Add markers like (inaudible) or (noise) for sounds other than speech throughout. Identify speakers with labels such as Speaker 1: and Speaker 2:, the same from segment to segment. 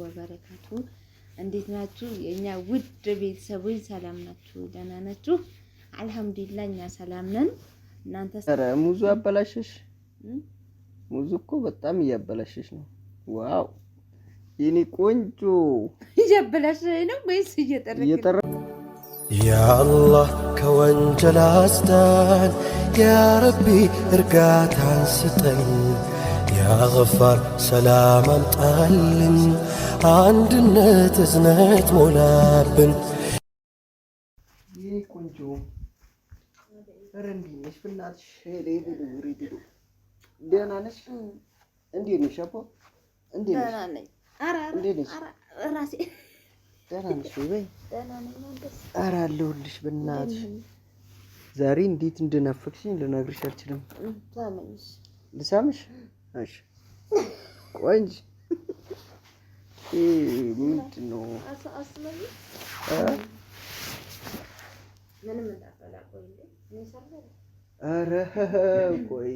Speaker 1: ወበረካቱ እንዴት ናችሁ? የእኛ ውድ ቤተሰቦች ሰላም ናችሁ? ደህና ናችሁ? አልሐምዱሊላ እኛ ሰላም ነን። እናንተ
Speaker 2: ሙዙ አበላሸሽ። ሙዙ እኮ በጣም እያበላሸሽ ነው። ዋው የኔ ቆንጆ
Speaker 1: እያበላሸሽ ነው ወይስ እየጠረ
Speaker 3: ያ አላህ ከወንጀል አስዳን፣ ያ ረቢ እርጋታን ስጠን ያ ገፋር ሰላም አምጣልን፣ አንድነት እዝነት ሞላብን።
Speaker 2: ይህ ቆንጆ እንዴት ነሽ ብናትሽ? ደህና ነሽ? እንዴት ነሽ አቦ? ደህና ነሽ ኧረ አለሁልሽ ብናትሽ። ዛሬ እንዴት እንደናፈቅሽኝ ልነግርሽ አልችልም። ልሳምሽ እሺ ቆንጅ ምንድን ነው? ኧረ ቆይ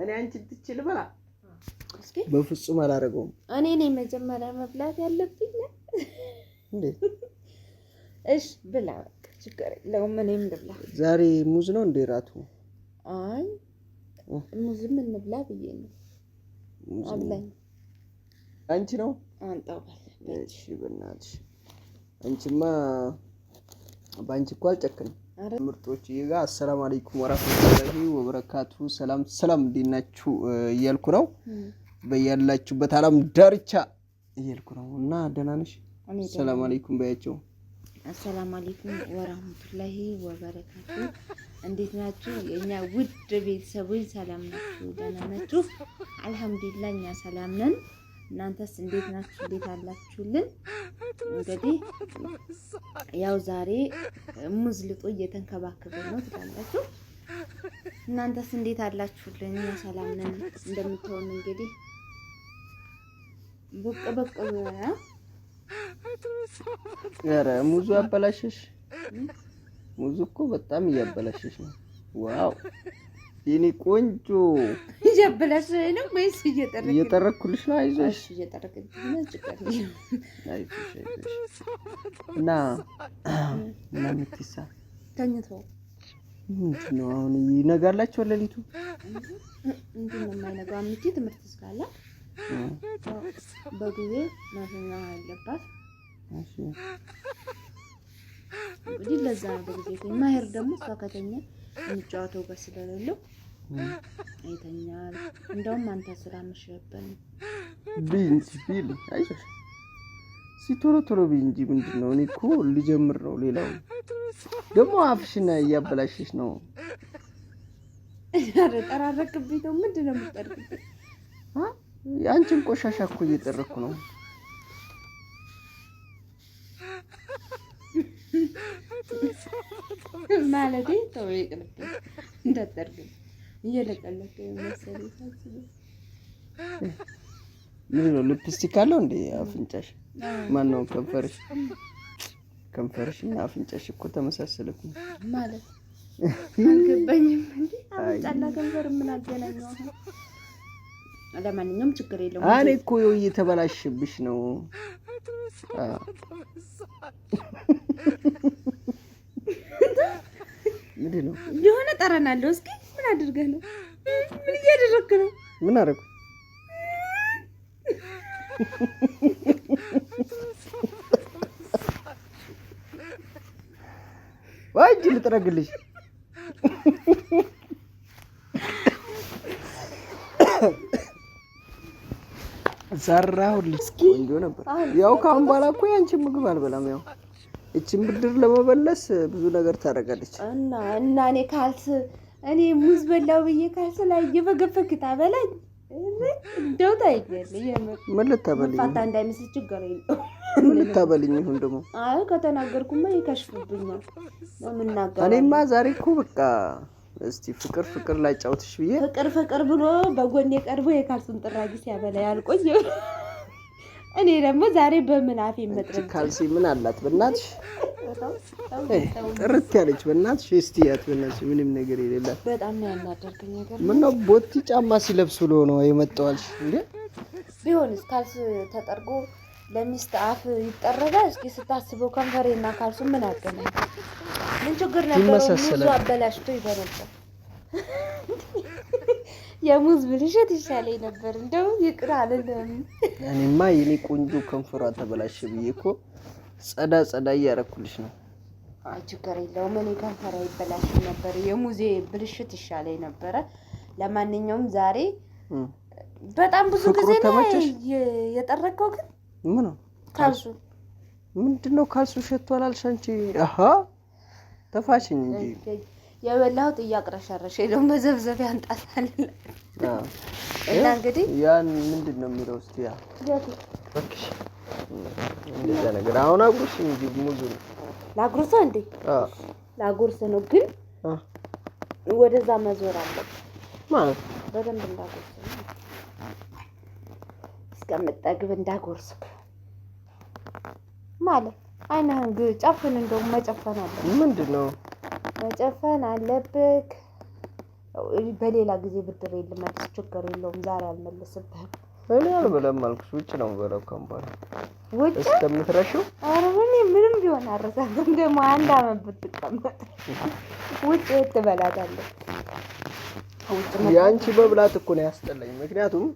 Speaker 2: እኔ አንቺ ትችል ብላ በፍጹም አላደርገውም።
Speaker 1: እኔ ነኝ መጀመሪያ መብላት ያለብኝ። እሺ ብላ ችግር የለውም። እኔም ልብላ።
Speaker 2: ዛሬ ሙዝ ነው እንደ እራቱ።
Speaker 1: አይ ዝም እንብላ ብዬ ነው። አብላኝ አንቺ ነው አንጣው።
Speaker 2: እሺ በእናትሽ አንቺማ በአንቺ እኮ አልጨክንም። ምርጦች ይጋ አሰላም አለይኩም ወራህመቱላሂ ወበረካቱ። ሰላም ሰላም፣ እንዴት ናችሁ እያልኩ ነው። በያላችሁበት ዓለም ዳርቻ እያልኩ ነው እና ደህና ነሽ? ሰላም አለይኩም በያቸው።
Speaker 1: አሰላም አለይኩም ወራህመቱላሂ ወበረካቱ እንዴት ናችሁ? የእኛ ውድ ቤተሰቦች ሰላም ናችሁ? ደህና ናችሁ? አልሐምዱሊላ እኛ ሰላም ነን። እናንተስ እንዴት ናችሁ? እንዴት አላችሁልን? እንግዲህ ያው ዛሬ ሙዝ ልጦ እየተንከባከበ ነው ትላላችሁ። እናንተስ እንዴት አላችሁልን? እኛ ሰላም ነን። እንደምትሆን እንግዲህ ብቅ ብቅ
Speaker 2: ሙዙ አበላሸሽ ሙዝ እኮ በጣም እያበላሸሽ ነው። ዋው (laughs) የኔ ቆንጆ
Speaker 1: እያበላሸ ነው ወይስ
Speaker 2: እየጠረኩልሽ ነው? አይዞሽ እና እና ምትሳ ተኝተው ምንድን ነው አሁን ይነጋላችሁ? ለሊቱ
Speaker 1: እንዴት ነው የማይነጋው? አምጪ ትምህርት ስላላት በጊዜ ማስኛ አለባት። እሺ እንግዲህ ለዛ ነው በጊዜ ማሄር ደግሞ እሷ ከተኛ የሚጫወተው ጋር ስለሌለው አይተኛል። እንደውም አንተ ስላመሸብን
Speaker 2: ብይ እንጂ ቢል አይዞሽ ሲቶሎ ቶሎ ብይ እንጂ ምንድን ነው? እኔ እኮ ልጀምር ነው። ሌላው ደግሞ አፍሽን እያበላሸሽ ነው።
Speaker 1: ጠራረቅብኝ ነው። ምንድን ነው የምጠርቅብኝ?
Speaker 2: አንቺን ቆሻሻ እኮ እየጠረኩ ነው።
Speaker 1: ማለቴ ተው ይቅርብኝ፣ እንዳታርግም እየለቀለቀ
Speaker 2: ምን ነው ልፕስቲክ አለው እንዴ? አፍንጫሽ ማን ነው? ከንፈርሽ ከንፈርሽ እና አፍንጫሽ እኮ ተመሳሰለብኝ
Speaker 1: ማለት አልገባኝም። እንዴ አፍንጫና ከንፈር ምን አገናኘው? ለማንኛውም ችግር የለውም።
Speaker 2: እኔ እኮ እየተበላሽብሽ ነው። ምንድን ነው?
Speaker 1: የሆነ ጠረን አለው። እስኪ ምን አድርገህ ነው? ምን እያደረግህ ነው?
Speaker 2: ምን አደረኩ? ወይ እጅ ልጥረግልሽ። ሰራሁልሽ። ቆንጆ ነበር። ያው ከአሁን በኋላ እኮ ያንቺን ምግብ አልበላም ያው እችን ብድር ለመመለስ ብዙ ነገር ታደርጋለች
Speaker 1: እና እና እኔ ካልስ እኔ ሙዝ በላው ብዬ ካልስ ላይ እየፈገፈክ ታበላኝ እንደው ታይኛለህ። ምን ልታበልኝ ፋታ እንዳይመስል ችግር የለውም።
Speaker 2: ምን ልታበልኝ ይሁን ደግሞ?
Speaker 1: አይ ከተናገርኩማ ይከሽፍብኛል። ምናገር
Speaker 2: እኔማ ዛሬ እኮ በቃ እስቲ ፍቅር ፍቅር ላይ ጫውትሽ ብዬ
Speaker 1: ፍቅር ፍቅር ብሎ በጎን የቀርቦ የካልሱን ጥራጊ ሲያበላ ያልቆኝ እኔ ደግሞ ዛሬ በምን አፌ መጥረብ
Speaker 2: ካልሲ ምን አላት? በእናትሽ ጥርት ያለች በእናትሽ እስቲያት በእናትሽ ምንም ነገር የሌላት
Speaker 1: በጣም ነው ያናደርገኝ ነገር
Speaker 2: ምነው ቦቲ ጫማ ሲለብሱ ብሎ ነው የመጣዋልሽ እንዴ?
Speaker 1: ቢሆንስ ካልስ ተጠርጎ ለሚስት አፍ ይጠረጋል። እስኪ ስታስበው ከንፈሬና ካልሱ ምን አገናኝ? ምን ችግር ነበረው? ብዙ አበላሽቶ ይበረጫል (laughs) የሙዝ ብልሽት ይሻለኝ ነበር። እንደው ይቅር አልልም።
Speaker 2: እኔማ የኔ ቆንጆ ከንፈሯ ተበላሸ ብዬ እኮ ጸዳ ጸዳ እያረኩልሽ ነው።
Speaker 1: ችግር የለውም። እኔ ከንፈሯ ይበላሽ ነበር፣ የሙዜ ብልሽት ይሻለኝ ነበረ። ለማንኛውም ዛሬ በጣም ብዙ ጊዜ ነው የጠረከው። ግን ምን ካልሱ
Speaker 2: ምንድነው? ካልሱ ሸቷል አልሽ አንቺ። አሃ ተፋሽኝ እንጂ
Speaker 1: የበላሁት እያቅረሸረሽ ነው። መዘብዘቢያ ያንጣታል። እና እንግዲህ
Speaker 2: ያን ምንድን ነው የሚለው ስ እንደዛ ነገር አሁን አጉርስ እንጂ ሙዙ ነው
Speaker 1: ላጉርሰ እንዴ ላጉርስ ነው ግን ወደዛ መዞር አለ ማለት በደንብ እንዳጎርስ እስከምጠግብ እንዳጎርስ ማለት አይናህን ጨፍን እንደውም መጨፈን አለ ምንድን ነው መጨፈን አለብክ። በሌላ ጊዜ ብድር ልመልስ ችግር የለውም። ዛሬ አልመልስብህም።
Speaker 2: እኔ አልበላም አልኩሽ። ውጭ ነው የምበላው። ከምባል ውጭ እስከምትረሺው።
Speaker 1: ኧረ እኔ ምንም ቢሆን አረሳትም። ደግሞ አንድ አመት ብትቀመጥ ውጭ የት ትበላታለህ?
Speaker 2: የአንቺ መብላት እኮ ነው ያስጠላኝ። ምክንያቱም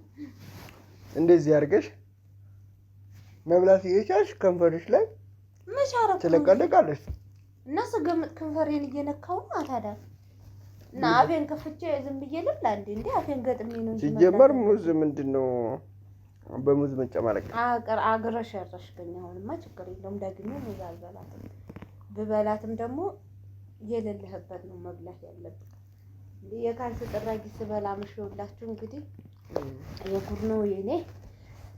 Speaker 2: እንደዚህ አድርገሽ መብላት እየቻልሽ ከንፈርሽ ላይ ትለቀለቃለች።
Speaker 1: እና ስገምጥ ከንፈሬን እየነካው ነው ታዲያ። እና አፌን ከፍቼ ዝም ብዬ ልብላ እንዴ? እንዴ አፌን ገጥሜ
Speaker 2: ነው እንጂ ሲጀመር ሙዝ ምንድን ነው? በሙዝ መጨማለቅ
Speaker 1: አቅር አግረሸረሽብኝ። አሁንማ ችግር የለውም ደግሜ ሙዝ አልበላትም። ብበላትም ደግሞ የሌለህበት ነው መብላት ያለብን። የካልስ ጥራጊ ስበላ ምሽውላችሁ እንግዲህ የጉድ ነው የኔ።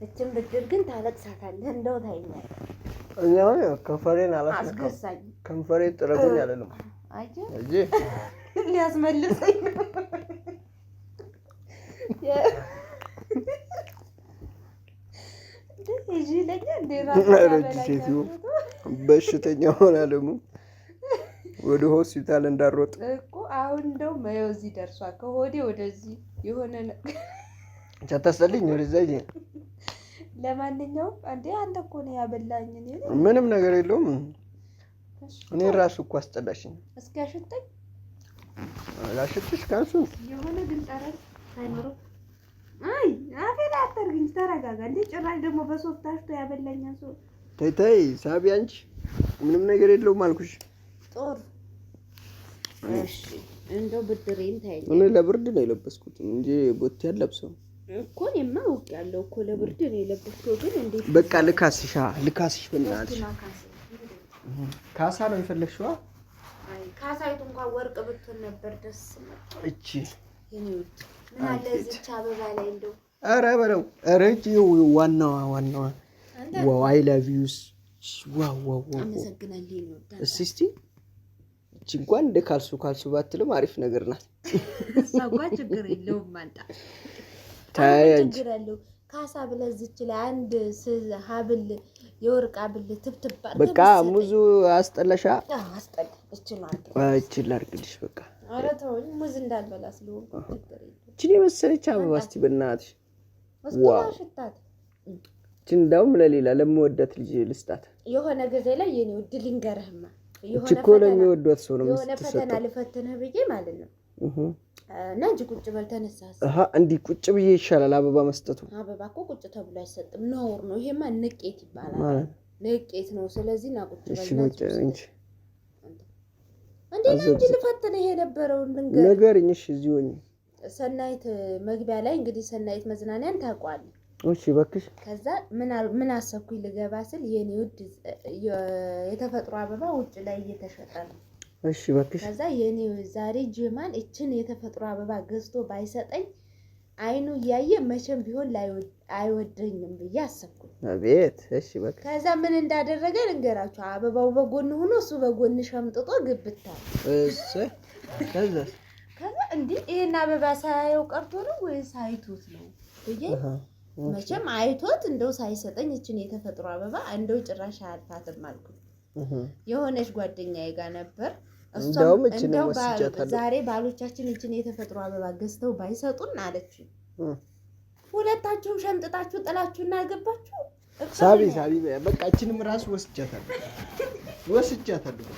Speaker 1: እችን ብድር ግን ታለቅሳታለህ እንደው ታይኛለህ
Speaker 2: እኔ አሁን ከንፈሬን
Speaker 1: አላስነካም።
Speaker 2: ከንፈሬ ጥረጉኝ እንጂ
Speaker 1: ሊያስመልሰኝ
Speaker 2: በሽተኛ ሆና ደግሞ ወደ ሆስፒታል እንዳሮጥ
Speaker 1: እኮ አሁን እንደው መየው እዚህ ደርሷል። ከሆዴ ወደዚህ የሆነ ወደዛ ለማንኛውም አንዴ አንተ እኮ ነው ያበላኝ።
Speaker 2: ምንም ነገር የለውም። እኔ ራሱ እኮ አስጠላሽኝ።
Speaker 1: እስኪ አሸጠኝ
Speaker 2: ላሸጥሽ ካንሱ
Speaker 1: የሆነ ግን ጠረን አይኖረ አይ አፌን አታርግኝ። ተረጋጋ። እንዴ ጭራሽ ደግሞ በሶፍት አሽቶ ያበላኛል ሰው።
Speaker 2: ተይ ተይ ሳቢ፣ አንቺ ምንም ነገር የለውም አልኩሽ።
Speaker 1: ጦር እሺ፣ እንደው ብድሬን ታይ።
Speaker 2: እኔ ለብርድ ነው የለበስኩት እንጂ ቦቴ አለብሰው
Speaker 1: እኮ እኔማ ያለው እኮ ለብርድ ነው የለበስከው። ግን
Speaker 2: እንዴት በቃ ልካስሻ ልካስሽ ካሳ ነው የፈለግሽዋ?
Speaker 1: አይ ካሳይቱ እንኳን ወርቅ ብትሆን ነበር ደስ
Speaker 2: እቺ ምን አለ እንደው ዋው አይ ላቭ ዋው ዋው ዋው። እቺ እንኳን እንደ ካልሱ ካልሱ ባትልም አሪፍ ነገር ናት።
Speaker 1: ችግር የለውም
Speaker 2: ችግር
Speaker 1: ካሳ ብለህ ላይ አንድ ሀብል የወርቅ ሀብል
Speaker 2: በቃ ሙዙ አስጠለሻ ላድርግልሽ። በቃ
Speaker 1: ኧረ ተወኝ ሙዝ እንዳልበላ ስለሆንኩ
Speaker 2: እችን የመሰለች አበባ እስኪ በእናትሽ እችን እንዳውም ለሌላ ለምወዳት ልጅ ልስጣት።
Speaker 1: የሆነ ጊዜ ላይ የኔ ውድ ልንገርህማ
Speaker 2: እኮ ለሚወዷት ሰው ነው
Speaker 1: የሆነ ፈተና ልፈትንህ ብዬ ማለት ነው እና እንጂ ቁጭ በል ተነሳ።
Speaker 2: እንዲህ ቁጭ ብዬ ይሻላል አበባ መስጠቱ።
Speaker 1: አበባ እኮ ቁጭ ተብሎ አይሰጥም፣ ነውር ነው። ይሄማ ንቄት ይባላል፣ ንቄት ነው። ስለዚህ ና
Speaker 2: ቁጭ በል እንጂ
Speaker 1: እንዴ ነው እንጂ ልፈትን ይሄ የነበረውን
Speaker 2: ልንገር ነገርኝ። እሺ እዚሁ ሆኜ
Speaker 1: ሰናይት መግቢያ ላይ እንግዲህ ሰናይት መዝናኛን ታውቋለህ። እሺ እባክሽ። ከዛ ምን አሰብኩኝ ልገባ ስል የኔ ውድ የተፈጥሮ አበባ ውጭ ላይ እየተሸጠ ነው እሺ እባክሽ። ከዛ የኔ ዛሬ ጅማን እችን የተፈጥሮ አበባ ገዝቶ ባይሰጠኝ አይኑ እያየ መቼም ቢሆን አይወደኝም ብዬ አሰብኩኝ።
Speaker 2: አቤት። እሺ
Speaker 1: ከዛ ምን እንዳደረገ ልንገራችሁ። አበባው በጎን ሆኖ እሱ በጎን ሸምጥጦ ግብታ።
Speaker 2: ከዛ ከዛ
Speaker 1: እንዴ ይሄን አበባ ሳያየው ቀርቶ ነው ወይስ አይቶት ነው ብዬ መቼም አይቶት እንደው ሳይሰጠኝ እችን የተፈጥሮ አበባ እንደው ጭራሽ አያልፋትም አልኩኝ። የሆነች ጓደኛዬ ጋር ነበር። እሷም ዛሬ ባሎቻችን እችን የተፈጥሮ አበባ ገዝተው ባይሰጡን አለችኝ። ሁለታችሁም ሸምጥጣችሁ ጥላችሁ እናገባችሁ።
Speaker 2: ሳቢ ሳቢ በቃ እችንም ራሱ ወስጃታለሁ ወስጃታለሁ።